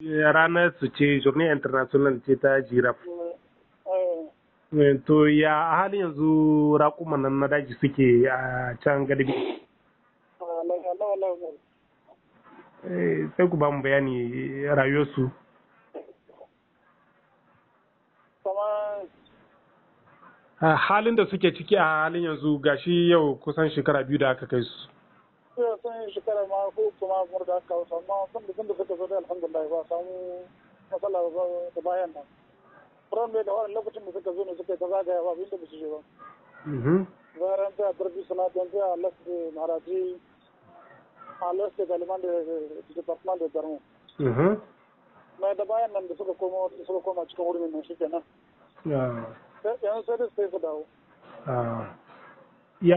ranar su ce journée international ce ta jiraf eh, eh. to ya a halin yanzu raƙuman nan na daji suke a can gadabi ah, eh, sai ku ba mu bayani rayuwarsu halin da suke ciki a halin yanzu gashi yau kusan shekara biyu da aka kai su wannan shekara ma ko kuma kuma da aka kawo amma da sun da suka zo da alhamdulillah ba samu matsala ba da bayan nan furan da wani lokacin da suka zo ne suka yi ta zagaya ba ba su je ba ta ta galiman da department da mai da bayan nan da suka koma suka koma cikin wurin nan sai da su dawo ya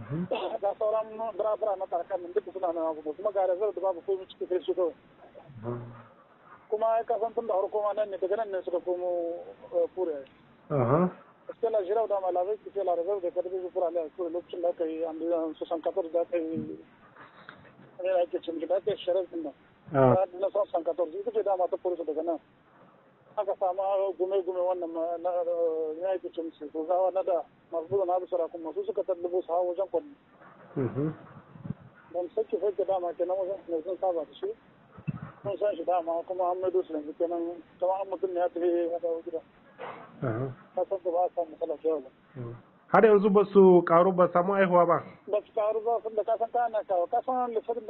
Mhm. ga sauran birabira na tsarkan nan duka suna nan abubuwa kuma ga rezar da babu komai cikin sai su kawai kuma ka san tun da harko ma nan ne daga nan ne suka komo eh, fure gaskiya la jirau da malamai su ce larazar da karfi su fura a fure lokacin da aka yi an biyan su san da aka yi ne eh, da ake cin da aka yi sharar din nan na san san su ita ce dama ta fure su daga nan aka samu gume-gume wannan ya yi na da masu na abu sarakun masu suka tattabo su hawa wajen kwanne. Mm-hmm. Don sake dama kenan wajen ne sun saba da shi. Sun san shi dama kuma an maido su yanzu kenan kamar an mutum ne ya tafi ya dawo gida. Uh-huh. Ka san ba a samu matsala ba. Mm-hmm. har yanzu ba su karu ba samu aihuwa ba ba su karu ba sun da kasan ta na kawo kasan lissafin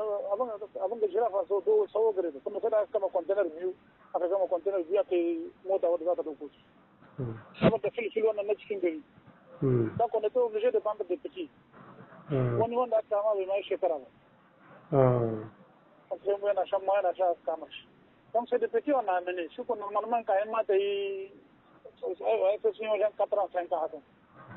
abin da jirafa so do sawo gare su kuma sai da aka kama kwantenar biyu aka kama kwantenar biyu aka yi mota wadda za ta dauko su hmm. saboda filfil wannan na cikin gari hmm. da kwanne ta oblige da bambar da fiki wani wanda aka kama bai mai shekara ba kuma hmm. mu yana shan ma yana sha aka kama shi don sai da fiki wannan amini shi kuma normalman kayan mata yi sai sun yi wajen katara sanka hakan